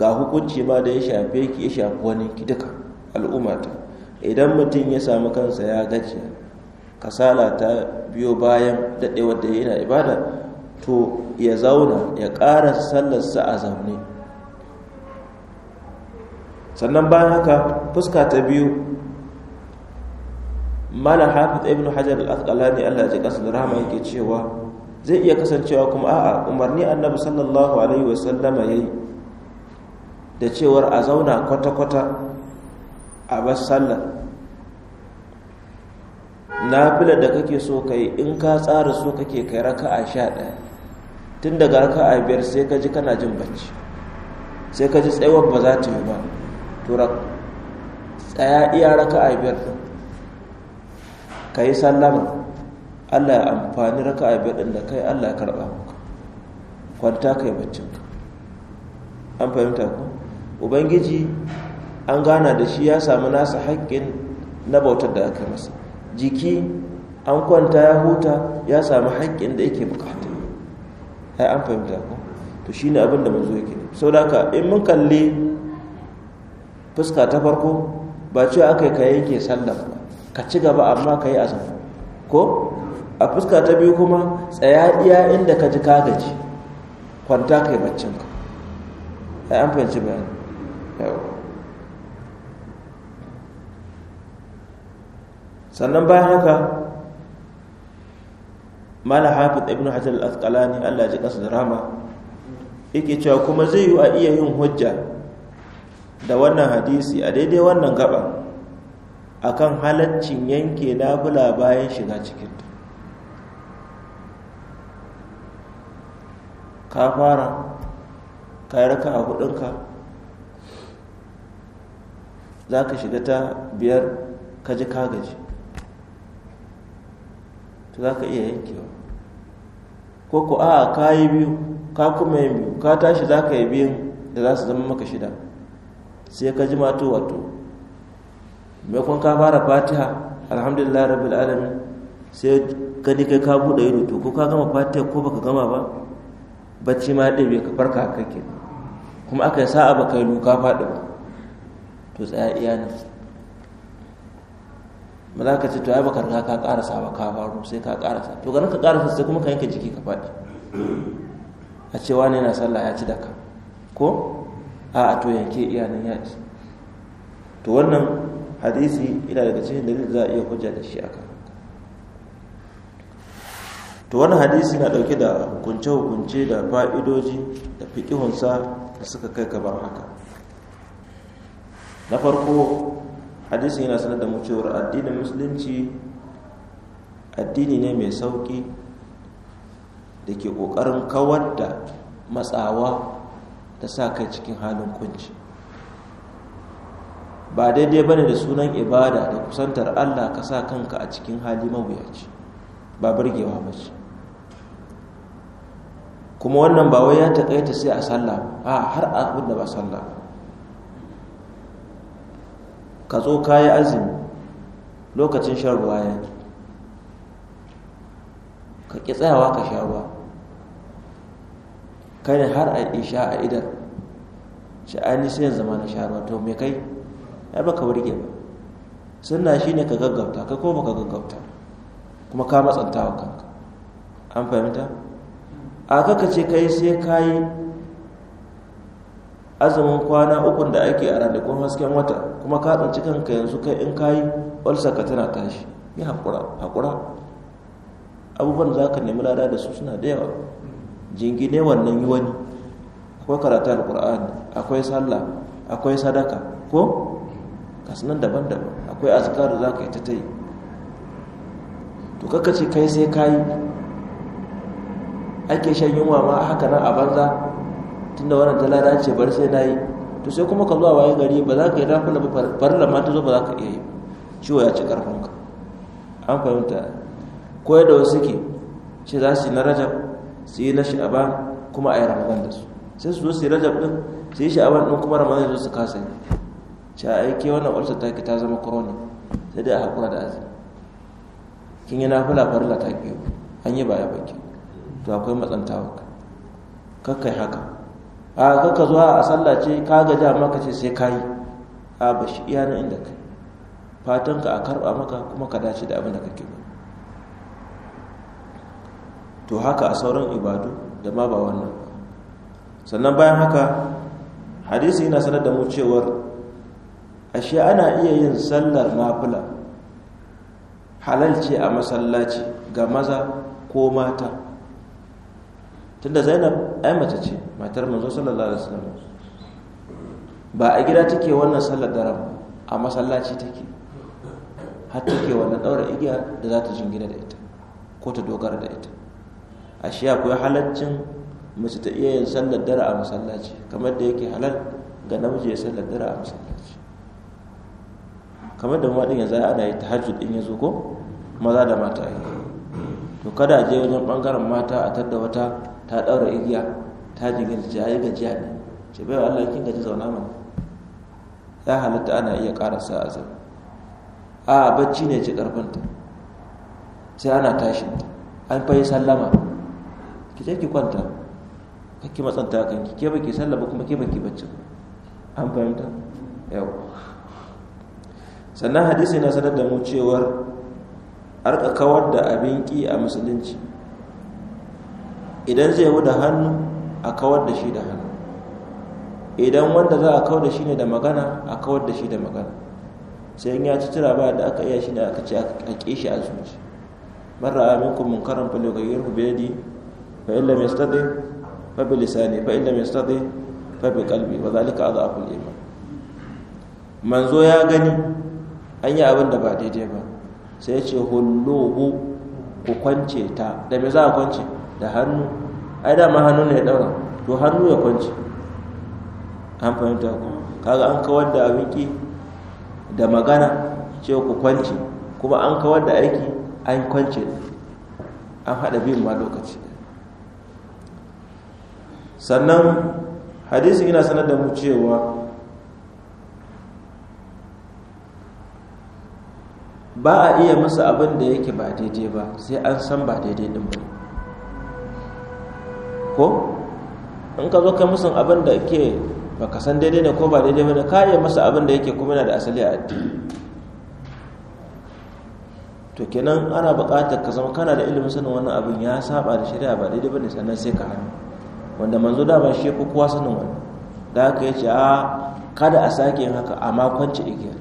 ga hukunci ma da ya shafe ki ya shafi wani ki duka al'umma ta idan mutum ya samu kansa ya gajiya kasala ta biyo bayan daɗewar da yana ibada to ya zauna ya ƙara sallarsa a zaune sannan bayan haka fuska ta biyu malam hafiz ibn hajar al-asqalani Allah ya ji kasu da rahama yake cewa zai iya kasancewa kuma a'a umarni annabi sallallahu alaihi wa sallama yayi da cewar a zauna kwata-kwata a bar sallar nafila da kake so kai in ka tsara so kake kai raka'a sha ɗaya tun daga raka'a biyar sai ka ji kana jin bacci sai ka ji tsayuwar ba za ta yi ba to tsaya iya a biyar ɗin ka yi sallama allah ya amfani a biyar ɗin da kai allah ya karɓa maka kwanta ka kai ka an fahimta ku ubangiji an gana da shi ya samu nasa haƙƙin na bautar da aka masa jiki an kwanta ya huta ya samu haƙƙin da yake bukata ai an fahimta ku to shine abin da manzo yake sau da in mun kalli fuska ta farko ba cewa aka yi ka yanke sallar ka ci gaba amma ka yi azan ko a fuska ta biyu kuma tsaya iya inda ka ji ka gaji kwanta ka yi baccinka ai an fahimci bayani sannan bayan haka mala hafiz ibn hajjar al-asqalani Allah ji ƙasa da rama yake cewa kuma zai yi a iya yin hujja da wannan hadisi a daidai wannan gaba akan halaccin yanke bula bayan shiga cikinta ka fara ka yi raka a hudunka za ka shiga ta biyar ka ji ka gaji za ka iya yankewa ko ku a ka yi biyu ka kuma yi biyu ka tashi za ka yi biyun da za su zama maka shida sai ka jima to wato kun ka fara fatiha alhamdulillah rabbil alamin sai ka ni kai ka bude ido to ko ka gama fatiha ko baka gama ba bacci ma dai bai ka farka ke kuma aka yi sa'a baka yi luka faɗi ba to tsaya iya nan ba za ka ce to ai baka riga ka karasa ba ka faru sai ka karasa to ganin ka karasa sai kuma ka yanke jiki ka faɗi a cewa ne na sallah ya ci da ka ko a a to yanke iyanin yaki to wannan hadisi ina daga cikin dalil za a iya hujja da shi aka to wannan hadisi na dauke da hukunce hukunce da fa'idoji da fiqihunsa da suka kai kamar haka na farko hadisi yana sanar da mu cewar addinin musulunci addini ne mai sauki da ke ƙoƙarin kawar da matsawa ta sa kai cikin halin kunci ba daidai bane da sunan ibada da kusantar Allah ka sa kanka a cikin hali mawuyaci ba burgewa ba ce kuma wannan ba wai ya taƙaita sai a sallah a har abin da ba sallah ka zo kayi azumi lokacin shan ruwa ya ka ƙi tsayawa ka sha ruwa kada har a isha a idan Shi sha'ani sai zama na sharuwa to me kai ya baka burge ba shi ne ka gaggauta ka koma ka gaggauta kuma ka matsanta wa kanka an fahimta a kaka ce kai sai ka yi azumin kwana ukun da ake a ranakun hasken wata kuma ka tsanci kanka yanzu kai in ka yi ulsa ka tana tashi yi haƙura abubuwan za ka nemi lada da su suna da yawa jingine wannan yi wani akwai karatu alqur'ani akwai sallah akwai sadaka ko kasnan daban-daban akwai azkar za ka yi ta tai to kaka ce kai sai kai ake shan yunwa ma haka nan a banza tunda wannan ta ce bar sai nayi to sai kuma ka zuwa waye gari ba za ka yi rafula ba farla ma ta zo ba za ka iya yi ciwo ya ci karfinka an fahimta ko da wasu ke ce za su yi na rajab su yi na sha'aba kuma a yi ramadan da su sai su zo su yi rajab din su yi sha'aba din kuma ramadan su kasa yi ca aiki wannan ta taki ta zama corona sai dai a haƙura da azumi kin yi na nafila farilla ta biyu an yi baya baki to akwai matsantawa kakkai haka a kakka zuwa a sallah ce ka gaja maka ce sai ka yi a bashi iya na inda kai fatanka a karɓa maka kuma ka dace da abin da kake ba to haka a sauran ibadu da ma ba wannan sannan bayan haka hadisi yana sanar da mu cewar ashe ana iya yin sallar nafila halal ce a masallaci ga maza ko mata tunda zainab ai mace ce matar manzo sallallahu alaihi wasallam ba a gida take wannan sallar a masallaci take har take wannan daura igiya da za ta jingina da ita ko ta dogara da ita ashe akwai halaccin mace ta iya yin sallar dare a masallaci kamar da yake halal ga namiji ya sallar dare a masallaci kamar da maɗin ya za ana yi tahajjud din ya zo ko maza da mata yi to kada a je wajen ɓangaren mata a tadda wata ta ɗaura igiya ta jigin ta yi gajiya ne ce bai Allah kin gaji zauna mana ya halatta ana iya ƙarasa a zama a bacci ne ce ƙarfanta. sai ana tashi. an fayi sallama ki je ki kwanta kake matsanta kan ki ke baki sallah kuma ke baki bacci an fahimta yau sannan hadisi na sanar da mu cewar arka kawar da abin ki a musulunci idan zai da hannu a kawar da shi da hannu idan wanda za a kawar da shi ne da magana a kawar da shi da magana sai in ya ci tura ba da aka iya shi ne aka ce a ƙi shi a zuci marar aminku munkaran falo ga فإن لم يستطع stadi فإن لم يستطع fa وذلك mai stadi fa bi qalbi wa zalika adhafu al-iman manzo ya gani an yi abin da ba daidai ba sai ya ce hulluhu ku kwance ta da me za a kwance kaga an kawar da da magana cewa ku kwance kuma an kawar da aiki an kwance an haɗa biyun ma lokaci sannan hadisi yana sanar da mu cewa ba a iya masa abin da yake ba daidai ba sai an san ba daidai din ba ko in ka zo kai musu abin da ke ba ka san daidai ne ko ba daidai ba da ka iya masa abin da yake kuma yana da asali a addini to kenan ana buƙatar ka zama kana da ilimin sanin wannan abin ya saba da shari'a ba daidai ba ne sannan sai ka hannu wanda manzo dama shi fi kowa sanin wani da haka ya ce a kada a sake yin haka a makonci igiyar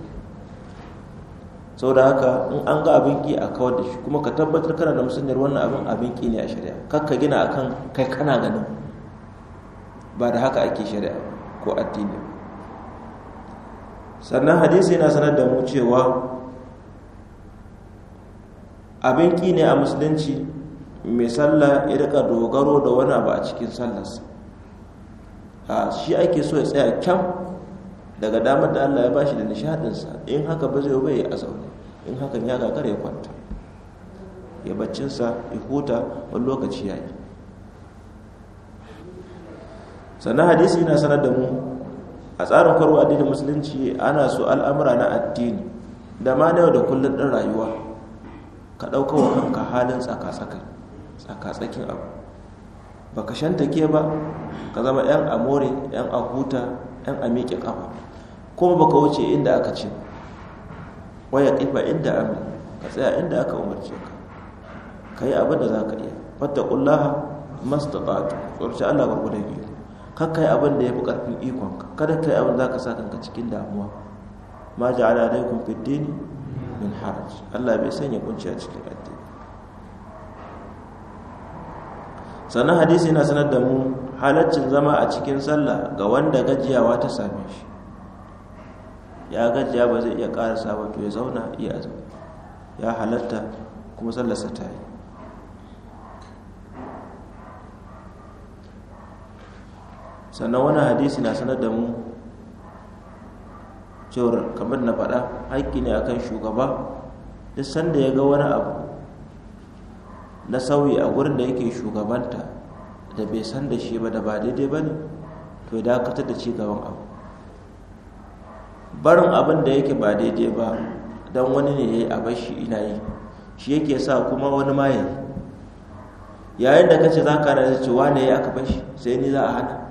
sau da haka in an ga abin ki a kawar da shi kuma ka tabbatar kana da musanyar wannan abin abin ki ne a shari'a kakka gina akan kai kana ganin ba da haka ake shari'a ko addini sannan hadisi yana sanar da mu cewa abin ki ne a musulunci mai sallah ya rika dogaro da wani abu a cikin sallarsa a shi ake so ya tsaya kyau daga damar da Allah ya bashi da nishadinsa in haka ba zai bai a zaune in hakan ya gagar ya kwanta ya baccinsa ya huta wani lokaci ya yi sannan hadisi yana sanar da mu a tsarin karo addinin musulunci ana so al'amura na addini da ma na yau da kullum ɗin rayuwa ka ɗauka wa kanka halin tsaka-tsakai tsakatsakin abu Ba baka shantake ba ka zama yan amore yan ahuta yan amike kafa kuma ba ka wuce inda aka ce waya kifa inda amri ka tsaya inda aka umarce ka ka yi abin da za ka iya fattakullaha mastata'atu tsorci Allah gurgudan biyu kakka yi abin da ya fi ƙarfin ikonka kada ka yi abin da za ka sa kanka cikin damuwa ma ja'ala alaikum fid dini min haraj Allah bai sanya kunci a cikin addini sannan hadisi na sanar da mu halaccin zama a cikin sallah ga wanda gajiyawa ta same shi ya gajiya ba zai iya ƙara ba ya zauna iya ya halatta kuma sallarsa ta yi sannan wani hadisi na sanar da mu cewar kamar na faɗa haƙƙi ne akan shugaba duk sanda ya ga wani abu na sauyi a gurin da yake shugabanta da bai san da shi ba da ba daidai ba ne to ya dakatar da ci gaban abu barin abin da yake ba daidai ba don wani ne ya yi a bashi ina yi shi yake sa kuma wani ma ya yi yayin da ka ce za ka rasa cewa ne ya aka bashi sai ni za a hana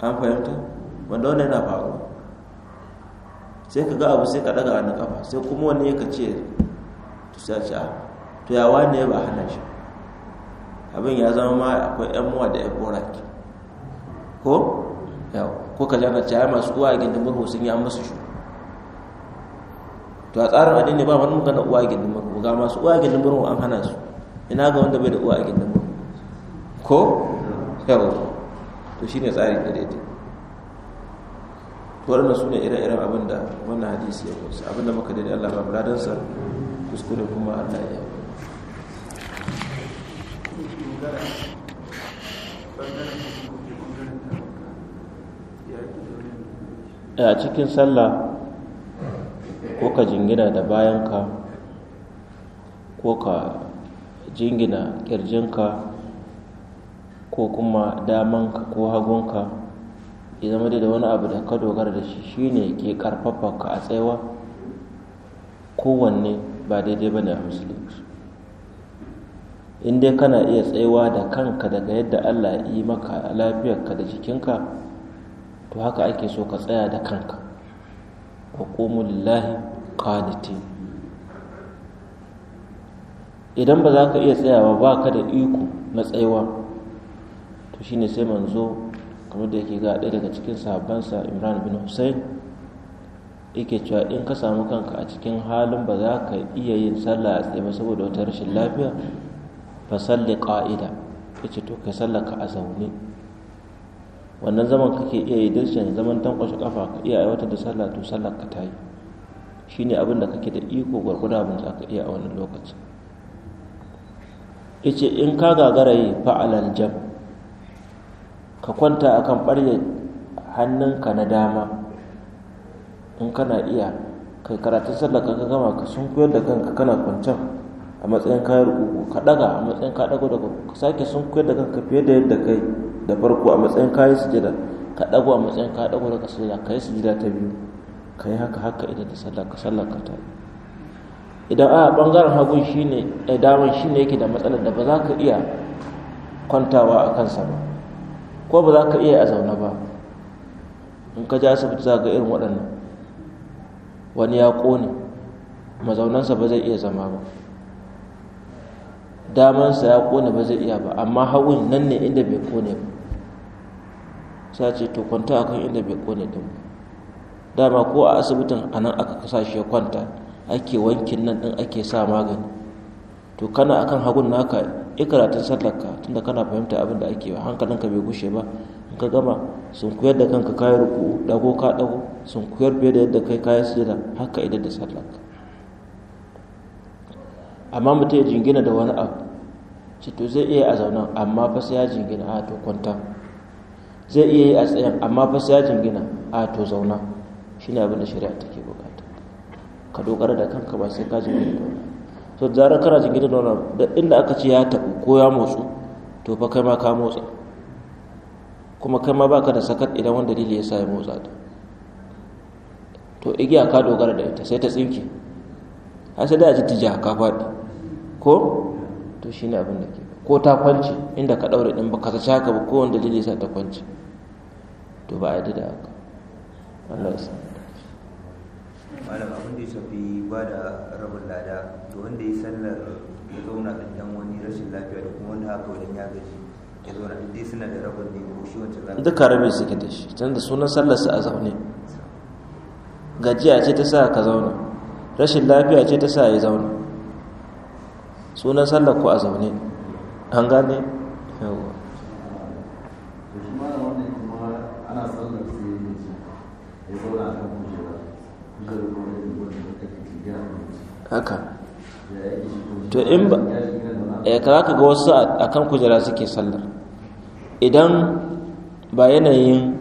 an fahimta wanda wani yana faruwa sai ka ga abu sai ka daga wani kafa sai kuma wani ya ka ce tusa sai a ah, to ya wani ba hana shi abin ya zama ma akwai yan muwa da yan boraki ko ya ko ka jana caya masu uwa a gindin murhu sun yi an musu shi to a tsarin addini ba wani magana uwa a gindin murhu ga masu uwa a gindin murhu an hana su ina ga wanda bai da uwa a gindin murhu ko yawa to shine tsarin da daidai waɗanda su ne ire-iren abin da wannan hadisi ya kusa abin da muka daidai allah ba buladansa kuskure kuma allah ya a cikin sallah ko ka jingina da bayanka ko ka jingina kirjinka ko kuma damanka ko hagunka ya zama da wani abu da ka dogara da shi shine ke karfafa ka a tsayawa kowanne ba daidai ba ne a musulunci in dai kana iya tsayawa da kanka daga yadda Allah ya yi maka lafiyarka da jikinka to haka ake so ka tsaya da kanka wa qumu lillahi qanitin idan ba za ka iya tsayawa ba ka da iko na tsayawa to shine sai manzo kamar da yake ga ɗaya daga cikin sabonsa Imran bin Hussein yake cewa in ka samu kanka a cikin halin ba za ka iya yin sallah a tsaye ba saboda wata rashin lafiya fasalli ƙa'ida ya ce to ka sallaka a zaune wannan zaman kake iya yi dirshin zaman kwashe kafa ka iya aiwatar da sallah to sallah ka ta yi abin da kake da iko gwargwada mun za ka iya a wannan lokacin ya ce in ka gagara yi fa'alal jam ka kwanta a kan ɓarye hannunka na dama in kana iya kai karatun sallaka ka gama ka sun koyar da kanka kana kwancan a matsayin kayan rukuku ka daga a matsayin ka dago daga ka sake sun koyar da kanka fiye da yadda kai da farko a matsayin kayan sujada ka dago a matsayin ka dago daga sujada ka yi sujada ta biyu ka yi haka haka idan da sallah ka sallah ka ta idan a bangaren hagun shine eh daman shine yake da matsalar da ba za ka iya kwantawa a kansa ba ko ba za ka iya a zaune ba in ka ji asibiti za ga irin waɗannan wani ya ƙone mazaunansa ba zai iya zama ba damansa ya kone ba zai iya ba amma hagun nan ne inda bai kone ba sa ce to kwanta inda bai kone din dama ko a asibitin a nan aka kasa shi ya kwanta ake wankin nan din ake sa magani to kana akan hagun naka ikaratun sallarka tunda kana fahimta abin da ake hankalinka bai gushe ba in ka gama sun koyar da kanka kayan ruku dago ka dago sun koyar fiye da yadda kai kayan sujada haka idan da sallarka amma mutum ya jingina da wani abu cito zai iya a zaune amma fasa ya jingina a to kwanta zai iya yi a tsayan amma fasa ya jingina a to zauna ne abin da shari'a take bukata ka dogara da kanka ba sai ka jingina da wani to zarar kana jingina da wani da inda aka ce ya tabu ko ya motsu to fa kai ma ka motsa kuma kai ma baka da sakat idan wani dalili ya sa ya motsa ta to igiya ka dogara da ita sai ta tsinke har sai da ji tija ka faɗi ko to shi ne abin da ke ko ta kwance inda ka daure ɗin ba ka sace haka ba ko wanda dalili sa ta kwance to ba a yi da haka Allah ya san malam abin da ya shafi ba da rabin lada to wanda ya sallar ya zauna da ɗan wani rashin lafiya da kuma wanda haka wani ya gaji ya zauna da dai suna da rabin ne ko shi wancan lafiya duka rabin suke da shi tun da sunan sallar su a zaune gajiya ce ta sa ka zauna rashin lafiya ce ta sa ya zauna sunan sallar ku a zaune an gane yawon haka to in ba ya eh, kara ka ga wasu a kan kujera suke sallar idan ba yanayin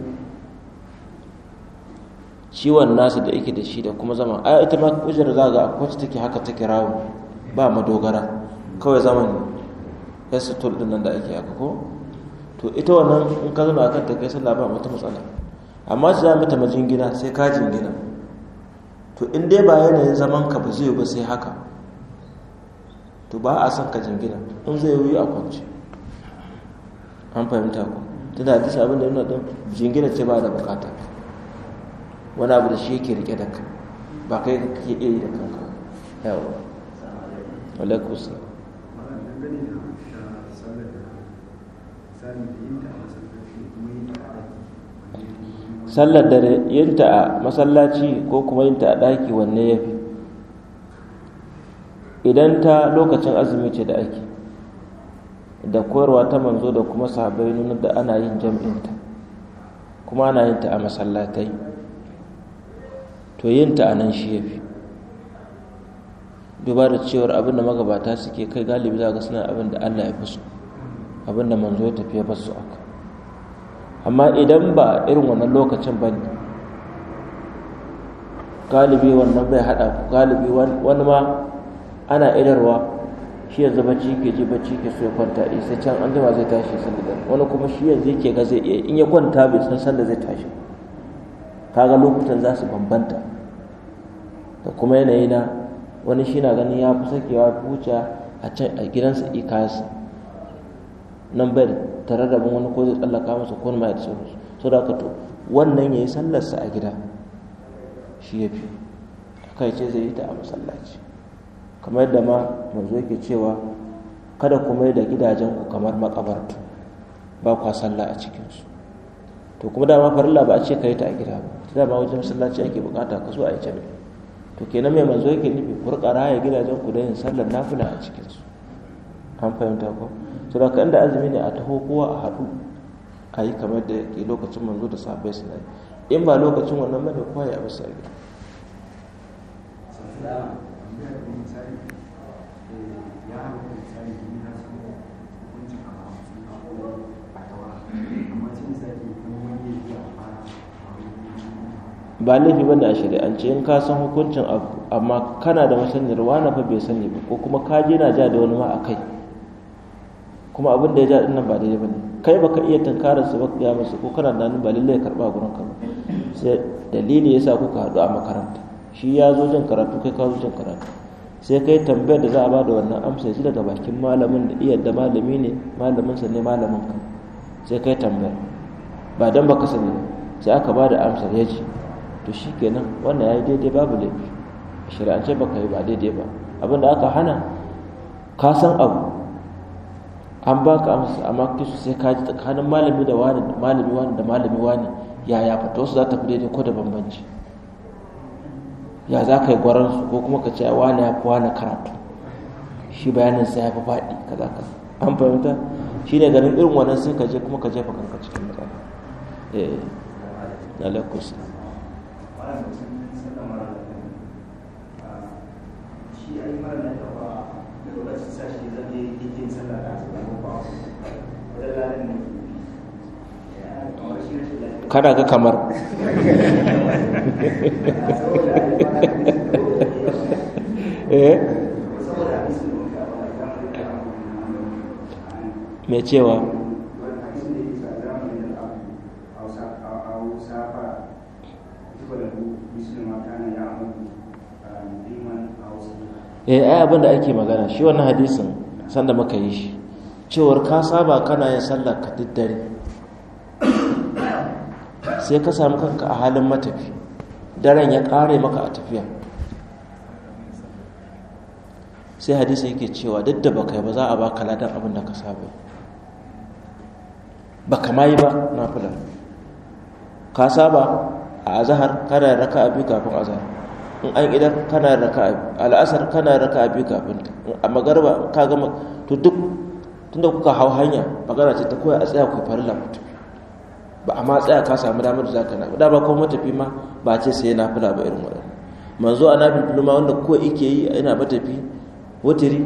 ciwon nasu da yake da shi da kuma zama a ita ma kujerar za ga akwai take haka ta rawo ba madogara kawai zamani ya sutur din nan da ake haka ko to ita wannan in ka zama akan ta kai sallah ba mata matsala amma su za mata majingina sai ka jingina to in dai ba yanayin zaman ka ba zai ba sai haka to ba a son ka jingina in zai yi a kwance an fahimta ku tana da abin da yana don jingina ce ba da bukata wani abu da shi yake rike da ka ba kai ke iya yi da kanka yawa alaikusa sallar da misali da yinta a masallaci yinta a sallar yinta a masallaci ko kuma yinta a ɗaki wanne ya fi idan ta lokacin azumi ce da ake da koyarwa ta manzo da kuma sahabbai nuna da ana yin ta kuma ana yin ta a masallatai to yin ta a nan shi ya fi duba da cewar abin da magabata suke kai galibi za ga suna abin da Allah ya fi su abin da manzo ya tafiya basu su aka amma idan ba irin wannan lokacin ba ne galibi wannan bai haɗa ku galibi wani ma ana idarwa shi yanzu bacci ke ji bacci ke so ya kwanta a eh, sai can an jima zai tashi sun da wani kuma shi yanzu yake ga zai iya in ya kwanta bai san sanda zai tashi kaga lokutan za su bambanta da kuma yanayi na wani shi na ganin ya fi sakewa buca, a can a gidansa ikansa nan bai tare da wani ko zai tsallaka masa ko ma ya tsoro so da to wannan ya yi sallarsa a gida shi ya fi kai ce zai yi ta a masallaci kamar yadda ma manzo yake cewa kada ku mai da gidajen ku kamar makabartu ba kwa sallah a cikinsu to kuma dama farilla ba a ce ka yi ta a gida ba dama wajen masallaci ake bukata ka zo a yi jami'a to kenan mai manzo yake nufi furkara ya gidajen ku da yin sallar nafila a cikinsu an fahimta ko to da kan da azumi ne a taho kowa a haɗu a yi kamar da yake lokacin manzo da sahabbai na yi in ba lokacin wannan mai kowa ya bisa gida you. ba laifi ba ne a shari'ance in ka san hukuncin abu amma kana da masaniyar wani fa bai sani ba ko kuma ka je na ja da wani ma a kai kuma abin da ya ja dinnan ba daidai ba ne kai baka iya tunkarar su ba ya musu ko kana da ba lallai karba gurin ka ba sai dalili yasa kuka haɗu a makaranta shi ya zo jin karatu kai ka zo jin karatu sai kai tambayar da za a bada wannan amsa shi daga bakin malamin da iya da malami ne malamin sa ne malamin ka sai kai tambayar ba dan baka sani ba sai aka bada amsar ya ji to shi kenan wannan ya yi daidai babu laifi shari'ance ba ka yi ba daidai ba abin da aka hana ka san abu an ba ka amsa amma kisu sai ka ji tsakanin malami da wani malami wani da malami wani ya ya fata wasu za ta fi daidai ko da bambanci ya za ka yi su, ko kuma ka ce wani ya fi wani karatu shi bayanin sa ya fi faɗi za ka an fahimta shi ne ganin irin wannan sai ka je kuma ka jefa kanka cikin matsala eh na lakusa kada ga kamar eh? mai cewa eh ai abin da ake magana shi wannan hadisin sanda muka yi shi cewar ka saba kana yin sallar ka daddare sai ka samu kanka a halin matafi daren ya kare maka a tafiya sai hadisi yake cewa duk da baka yi ba za a baka ladan abin da ka saba ba ma yi ba na fula ka saba a azahar kada raka abi kafin azahar in an idan kana raka al'asar kana raka biyu kafin a magarba ka gama to duk tunda kuka hau hanya magana ce ta koya a tsaya ku farilla mutum ba a ma tsaya ka samu damar da ka na da ba kuma matafi ma ba ce sai na fila ba irin wadannan manzo a nafil ma wanda ko yake yi ina matafi wutiri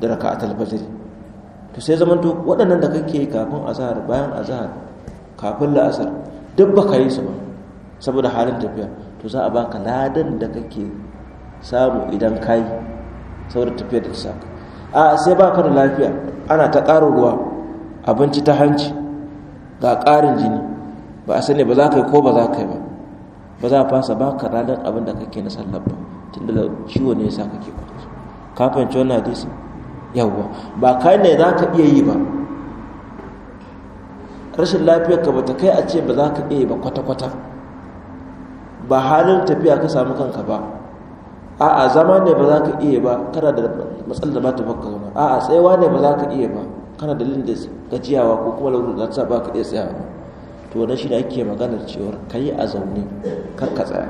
da a fajr to sai zaman to waɗannan da kake kafin azhar bayan azhar kafin la'asar duk baka yi su ba saboda halin tafiya to za a baka ladan da kake samu idan kai saboda tafiya da isa a sai baka da lafiya ana ta ƙarin ruwa abinci ta hanci ga ƙarin jini ba a sani ba za ka yi ko ba za ka yi ba ba za a fasa baka ladan abin da kake na sallar ba tunda ciwo ne sa kake kwanci ka fahimci na hadisi yawwa ba kai ne za ka iya yi ba rashin ka ba ta kai a ce ba za ka iya yi ba kwata-kwata ba halin tafiya ka samu kanka ba a'a zama ne ba za ka iya ba kana da matsalar da ba ta baka zama a'a tsayawa ne ba za ka iya ba kana da lindin gajiyawa ko kuma laurin da ta ba ka iya tsayawa ba to wani shi da ake maganar cewar ka yi a zaune kar ka tsaya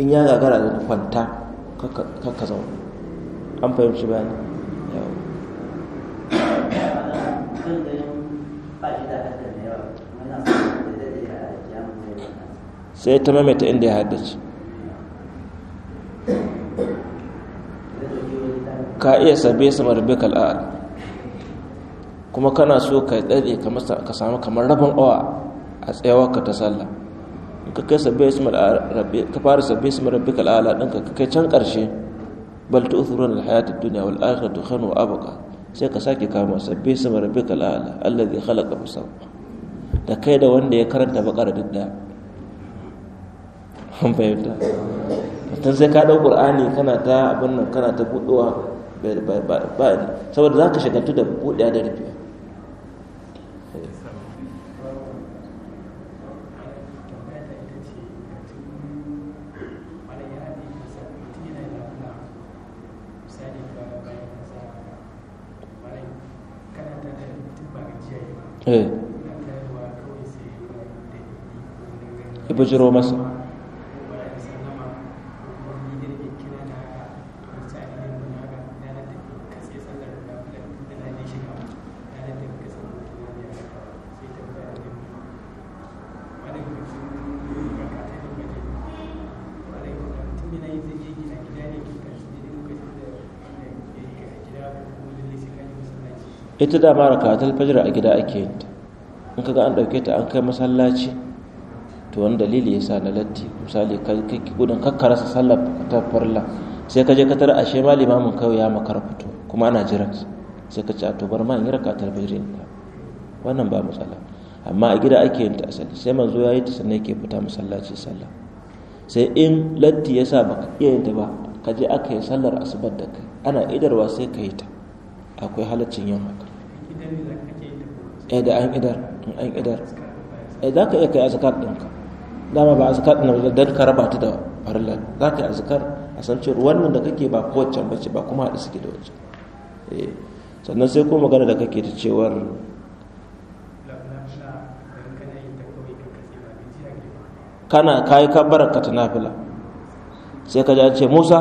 in ya gagara da kwanta kar ka zaune an fahimci bayanin yawon sai ta maimaita inda ya haddace ka iya sabe samar da bikal a'al kuma kana so ka tsare ka samu kamar rabin awa a tsayawarka ta sallah ka fara sabbi samar rabbi ka fara sabbi ismar a'la ɗinka ka kai can ƙarshe bal tu'thiruna al-hayatad dunya wal akhiratu khairun wa abaka. sai ka sake kama sabbi ismar rabbikal a'la allazi khalaqa fa sawwa da kai da wanda ya karanta bakara duk daya mun fahimta tun sai ka ɗau ƙur'ani kana ta abin nan kana ta buɗewa saboda za ka shagantu da buɗewa da rufe ya eh. bujiro masa ita da mara rakatul fajr a gida ake yin ta in ga an dauke ta an kai masallaci to wani dalili yasa na latti misali kai gudun kakkarasa sallar ta farla sai ka je ka tara ashe ma limamin kai ya makar fito kuma ana jiran sai ka ci a to bar ma in yi rakatul fajr ta wannan ba matsala amma a gida ake yin ta asali sai manzo ya yi ta sannan yake fita masallaci sallah sai in latti yasa baka iya yin ta ba ka je aka yi sallar asubar da kai ana idarwa sai ka yi ta akwai halaccin yin haka eh da an idar in an idar E, za ka iya kai azkar ɗinka dama ba azkar ɗin da dan ka raba ta da farilla za ka yi azkar a san cewa wannan da kake ba kowace bace ba kuma haɗu suke da wacce eh, sannan sai ko magana da kake ta cewar kana kayi kabbarar ka ta nafila sai ka ji ce musa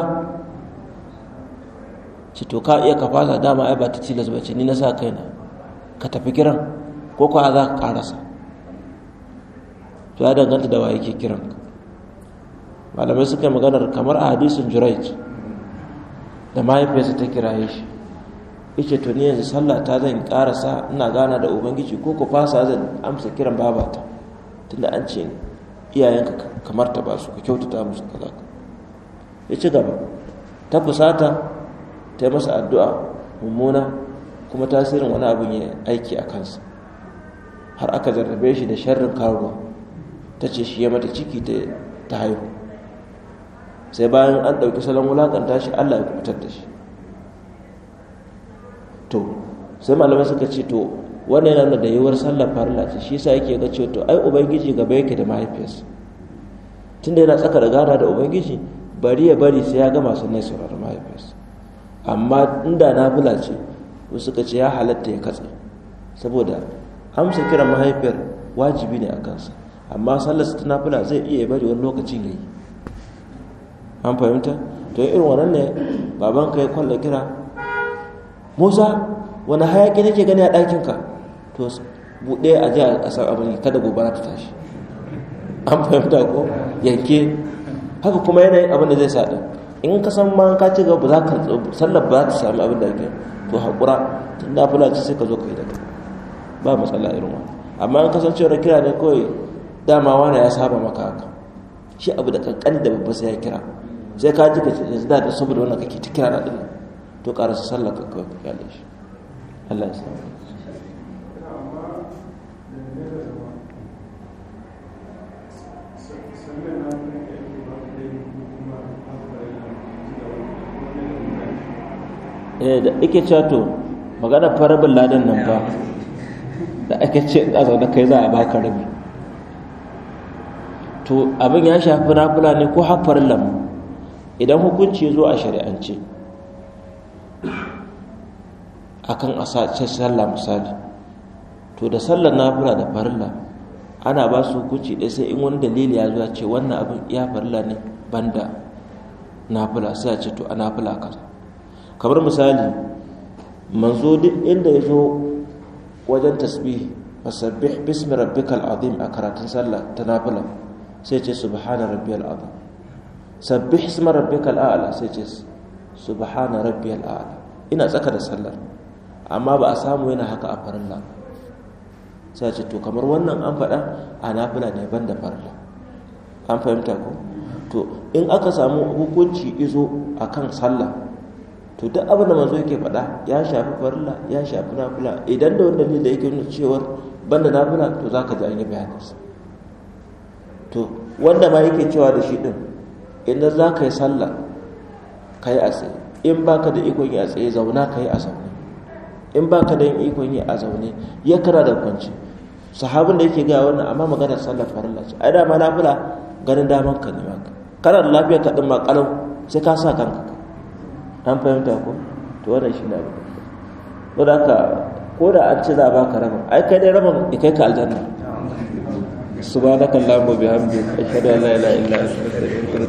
ce to ka iya ka fasa dama ai ba ta tilas bace, ni na sa kaina ka tafi kiran ko kuwa za ka karasa to ya danganta da wa yake kiran malamai suka yi maganar kamar a hadisin juraic da mahaifiyarsa ta kiraye shi yace to yanzu sallah ta zan karasa ina gana da ubangiji ko ku fasa zan amsa kiran babata tunda an ce iyayenka kamar ta ba su ka kyautata musu kaza ya ci gaba ta fusata ta yi masa addu'a mummuna kuma tasirin wani abu ya aiki a kansa har aka zarrabe shi da sharrin kawo ta ce shi ya mata ciki ta haihu sai bayan an ɗauki salon wulaƙanta shi allah ya kubutar da shi to sai malamai suka ce to wannan yana da yiwuwar sallar farilla lati shi sa yake ga cewa to ai ubangiji gaba yake da mahaifiyarsa tunda yana tsaka da gana da ubangiji bari ya bari sai ya gama sannan sauraron mahaifiyarsa amma inda na bula ce wasu ka ce ya halatta ya katse saboda amsa kiran mahaifiyar wajibi ne a kansa amma sallar ta nafila zai iya bari wani lokacin yi an fahimta to irin wannan ne baban ka ya kwalla kira Musa wani hayaki nake gani a ɗakin ka to buɗe a ji a san abin kada gobara ta tashi an fahimta ko yanke haka kuma yanayin abin da zai sa in ka san ma ka ci gaba ba za ka sallar ba za ta sami abin da ake to haƙura tun na ce sai ka zo ka yi daga ba matsala irin wani amma in kasance wani kira ne kawai dama wani ya saba maka haka shi abu da kankan da babba sai ya kira sai ka ji ka ce yanzu da saboda wannan kake ta kira na ɗin to ƙarasa sallah ka kawai ka ya samu Eh, da ake cewa to magana farabin ladan nan ba, da ake ce a zaune kai za a baka rabi to abin ya shafi nafila ne ko hafar lamu idan hukunci ya zo a shari'ance akan a sallah misali to da sallar nafila da farilla ana ba su hukunci ɗaya sai in wani dalili ya zuwa ce wannan abin ya farilla ne banda nafila sai a ce to a nafila kaza kamar misali manzo duk inda ya zo wajen tasbihi fasabbih bismi rabbikal azim a karatun sallah ta nafila sai ce subhana rabbiyal azim sabbih isma rabbikal a'la sai ce subhana rabbiyal a'la ina tsaka da sallar amma ba a samu yana haka a farilla sai ce to kamar wannan an faɗa a nafila ne ban da farilla an fahimta ko to in aka samu hukunci izo akan sallah to duk abin da manzo yake faɗa ya shafi farilla ya shafi nafila idan da wanda da yake nuna cewar banda nafila to za ka ji an yi bayaninsa to wanda ma yake cewa da shi ɗin idan za ka yi sallah ka yi a tsaye in ba ka da ikon yi a tsaye zauna ka yi a zaune in ba ka da ikon yi a zaune ya kara da kwanci sahabin da yake gaya wannan amma maganar sallar farilla ce ai ma nafila ganin daman ka ne maka kana da lafiya ka ɗin ma ƙalau, sai ka sa kanka an fahimta ko to wannan shi ne abu ko da ka ko da an ci za a baka rabin ai kai dai rabin ya kai ka aljanna subhanakallahumma bihamdika ashhadu an la ilaha illa anta astaghfiruka